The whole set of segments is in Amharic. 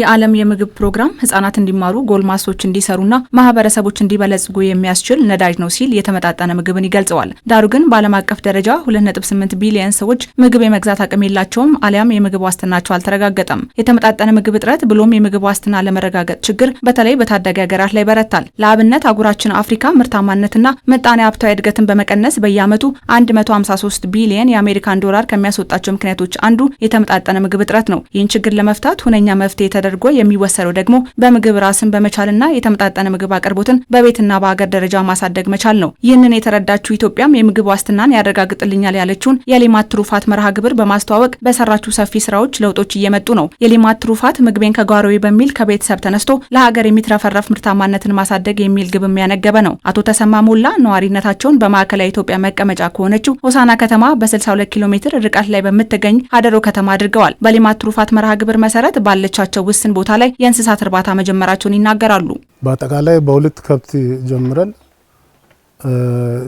የዓለም የምግብ ፕሮግራም ህጻናት እንዲማሩ ጎልማሶች እንዲሰሩና ማህበረሰቦች እንዲበለጽጉ የሚያስችል ነዳጅ ነው ሲል የተመጣጠነ ምግብን ይገልጸዋል። ዳሩ ግን በዓለም አቀፍ ደረጃ 2.8 ቢሊየን ሰዎች ምግብ የመግዛት አቅም የላቸውም አሊያም የምግብ ዋስትናቸው አልተረጋገጠም። የተመጣጠነ ምግብ እጥረት ብሎም የምግብ ዋስትና ለመረጋገጥ ችግር በተለይ በታዳጊ ሀገራት ላይ በረታል። ለአብነት አጉራችን አፍሪካ ምርታማነትና ምጣኔ ሀብታዊ እድገትን በመቀነስ በየዓመቱ 153 ቢሊየን የአሜሪካን ዶላር ከሚያስወጣቸው ምክንያቶች አንዱ የተመጣጠነ ምግብ እጥረት ነው። ይህን ችግር ለመፍታት ሁነኛ መፍትሄ ተደርጎ የሚወሰደው ደግሞ በምግብ ራስን በመቻልና የተመጣጠነ ምግብ አቅርቦትን በቤትና በአገር ደረጃ ማሳደግ መቻል ነው። ይህንን የተረዳችው ኢትዮጵያም የምግብ ዋስትናን ያረጋግጥልኛል ያለችውን የሌማት ትሩፋት መርሃ ግብር በማስተዋወቅ በሰራችው ሰፊ ስራዎች ለውጦች እየመጡ ነው። የሌማት ትሩፋት ምግቤን ከጓሮዬ በሚል ከቤተሰብ ተነስቶ ለሀገር የሚትረፈረፍ ምርታማነትን ማሳደግ የሚል ግብም ያነገበ ነው። አቶ ተሰማ ሞላ ነዋሪነታቸውን በማዕከላዊ ኢትዮጵያ መቀመጫ ከሆነችው ሆሳና ከተማ በ62 ኪሎ ሜትር ርቀት ላይ በምትገኝ ሀደሮ ከተማ አድርገዋል። በሌማት ትሩፋት መርሃ ግብር መሰረት ባለቻቸው ውስን ቦታ ላይ የእንስሳት እርባታ መጀመራቸውን ይናገራሉ። በአጠቃላይ በሁለት ከብት ጀምረን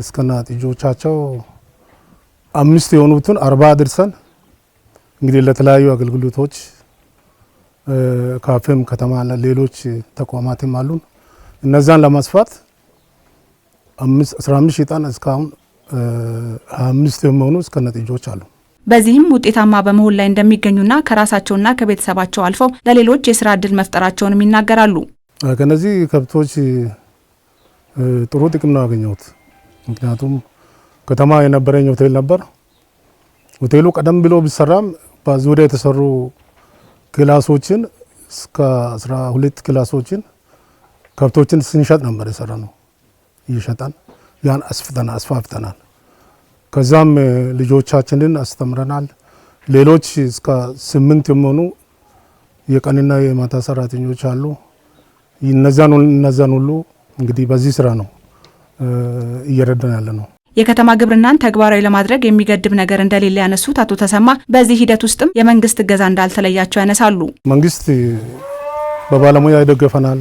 እስከና ጥጆቻቸው አምስት የሆኑትን አርባ አድርሰን እንግዲህ ለተለያዩ አገልግሎቶች ካፌም፣ ከተማ ሌሎች ተቋማትም አሉን። እነዛን ለማስፋት 15 ሺህ ጣን እስካሁን 25 የሚሆኑ እስከነጥጆች አሉ። በዚህም ውጤታማ በመሆን ላይ እንደሚገኙና ከራሳቸውና ከቤተሰባቸው አልፈው ለሌሎች የስራ እድል መፍጠራቸውንም ይናገራሉ። ከነዚህ ከብቶች ጥሩ ጥቅም ነው ያገኘሁት። ምክንያቱም ከተማ የነበረኝ ሆቴል ነበር። ሆቴሉ ቀደም ብሎ ቢሰራም በዙሪያ የተሰሩ ክላሶችን እስከ አስራ ሁለት ክላሶችን ከብቶችን ስንሸጥ ነበር የሰራ ነው። እየሸጠን ያን አስፍተናል፣ አስፋፍተናል። ከዛም ልጆቻችንን አስተምረናል። ሌሎች እስከ ስምንት የሚሆኑ የቀንና የማታ ሰራተኞች አሉ። እነዛን ሁሉ እንግዲህ በዚህ ስራ ነው እየረዳን ያለ ነው። የከተማ ግብርናን ተግባራዊ ለማድረግ የሚገድብ ነገር እንደሌለ ያነሱት አቶ ተሰማ በዚህ ሂደት ውስጥም የመንግስት እገዛ እንዳልተለያቸው ያነሳሉ። መንግስት በባለሙያ ይደገፈናል፣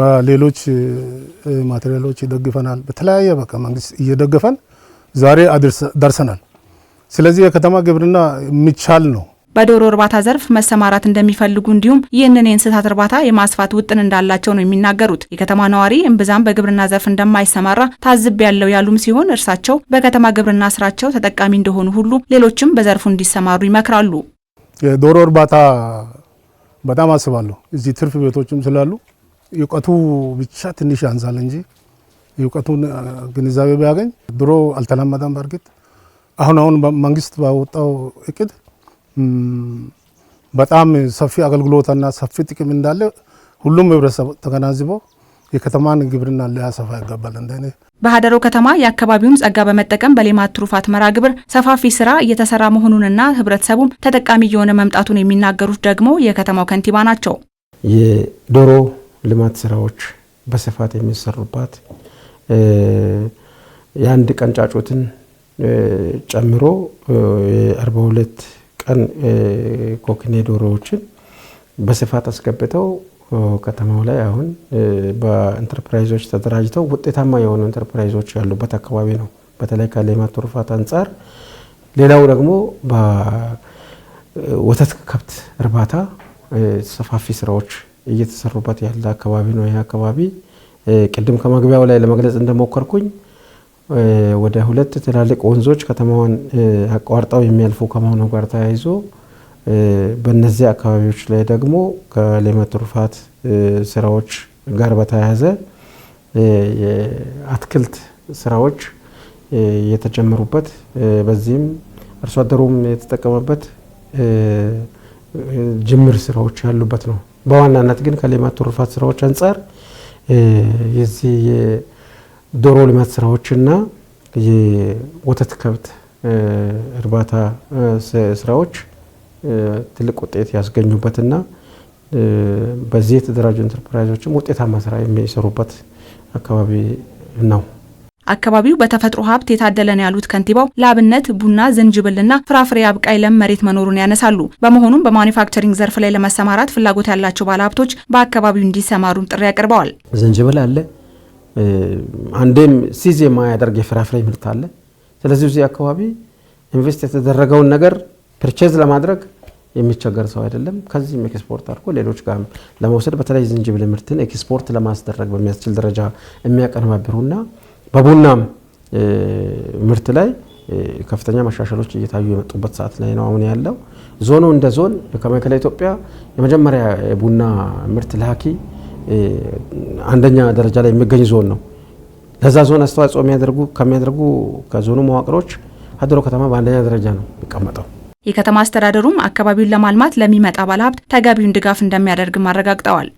በሌሎች ማቴሪያሎች ይደግፈናል። በተለያየ በቃ መንግስት እየደገፈን ዛሬ ደርሰናል። ስለዚህ የከተማ ግብርና የሚቻል ነው። በዶሮ እርባታ ዘርፍ መሰማራት እንደሚፈልጉ እንዲሁም ይህንን የእንስሳት እርባታ የማስፋት ውጥን እንዳላቸው ነው የሚናገሩት። የከተማ ነዋሪ እምብዛም በግብርና ዘርፍ እንደማይሰማራ ታዝብ ያለው ያሉም ሲሆን እርሳቸው በከተማ ግብርና ስራቸው ተጠቃሚ እንደሆኑ ሁሉ ሌሎችም በዘርፉ እንዲሰማሩ ይመክራሉ። የዶሮ እርባታ በጣም አስባለሁ። እዚህ ትርፍ ቤቶችም ስላሉ እውቀቱ ብቻ ትንሽ ያንሳል እንጂ እውቀቱን ግንዛቤ ቢያገኝ ድሮ አልተለመደም። በእርግጥ አሁን አሁን መንግስት ባወጣው እቅድ በጣም ሰፊ አገልግሎትና ሰፊ ጥቅም እንዳለ ሁሉም ህብረተሰብ ተገናዝቦ የከተማን ግብርና ሊያሰፋ ይገባል። እንደ በሀደሮ ከተማ የአካባቢውን ጸጋ በመጠቀም በሌማት ትሩፋት መርሃ ግብር ሰፋፊ ስራ እየተሰራ መሆኑንና ህብረተሰቡም ተጠቃሚ እየሆነ መምጣቱን የሚናገሩት ደግሞ የከተማው ከንቲባ ናቸው። የዶሮ ልማት ስራዎች በስፋት የሚሰሩባት የአንድ ቀን ጫጩትን ጨምሮ የአርባ ሁለት ቀን ኮክኔ ዶሮዎችን በስፋት አስገብተው ከተማው ላይ አሁን በኢንተርፕራይዞች ተደራጅተው ውጤታማ የሆኑ ኢንተርፕራይዞች ያሉበት አካባቢ ነው። በተለይ ከሌማት ትሩፋት አንጻር፣ ሌላው ደግሞ በወተት ከብት እርባታ ሰፋፊ ስራዎች እየተሰሩበት ያለ አካባቢ ነው ይህ አካባቢ። ቅድም ከመግቢያው ላይ ለመግለጽ እንደሞከርኩኝ ወደ ሁለት ትላልቅ ወንዞች ከተማዋን አቋርጠው የሚያልፉ ከመሆኑ ጋር ተያይዞ በነዚህ አካባቢዎች ላይ ደግሞ ከሌማት ትሩፋት ስራዎች ጋር በተያያዘ የአትክልት ስራዎች የተጀመሩበት በዚህም አርሶ አደሩም የተጠቀመበት ጅምር ስራዎች ያሉበት ነው። በዋናነት ግን ከሌማት ትሩፋት ስራዎች አንጻር የዚህ የዶሮ ልማት ስራዎችና የወተት ከብት እርባታ ስራዎች ትልቅ ውጤት ያስገኙበትና በዚህ የተደራጁ ኢንተርፕራይዞችም ውጤታማ ስራ የሚሰሩበት አካባቢ ነው። አካባቢው በተፈጥሮ ሀብት የታደለ ነው ያሉት ከንቲባው ለአብነት ቡና፣ ዝንጅብልና ፍራፍሬ አብቃይ ለም መሬት መኖሩን ያነሳሉ። በመሆኑም በማኒፋክቸሪንግ ዘርፍ ላይ ለመሰማራት ፍላጎት ያላቸው ባለሀብቶች በአካባቢው እንዲሰማሩም ጥሪ አቅርበዋል። ዝንጅብል አለ፣ አንዴም ሲዝ የማያደርግ የፍራፍሬ ምርት አለ። ስለዚህ እዚህ አካባቢ ኢንቨስት የተደረገውን ነገር ፕርቼዝ ለማድረግ የሚቸገር ሰው አይደለም። ከዚህም ኤክስፖርት አድርጎ ሌሎች ጋር ለመውሰድ በተለይ ዝንጅብል ምርትን ኤክስፖርት ለማስደረግ በሚያስችል ደረጃ የሚያቀነባብሩና በቡናም ምርት ላይ ከፍተኛ መሻሻሎች እየታዩ የመጡበት ሰዓት ላይ ነው አሁን ያለው። ዞኑ እንደ ዞን ከማዕከላዊ ኢትዮጵያ የመጀመሪያ የቡና ምርት ላኪ አንደኛ ደረጃ ላይ የሚገኝ ዞን ነው። ለዛ ዞን አስተዋጽኦ የሚያደርጉ ከሚያደርጉ ከዞኑ መዋቅሮች ሀድሮ ከተማ በአንደኛ ደረጃ ነው የሚቀመጠው። የከተማ አስተዳደሩም አካባቢውን ለማልማት ለሚመጣ ባለሀብት ተገቢውን ድጋፍ እንደሚያደርግም አረጋግጠዋል።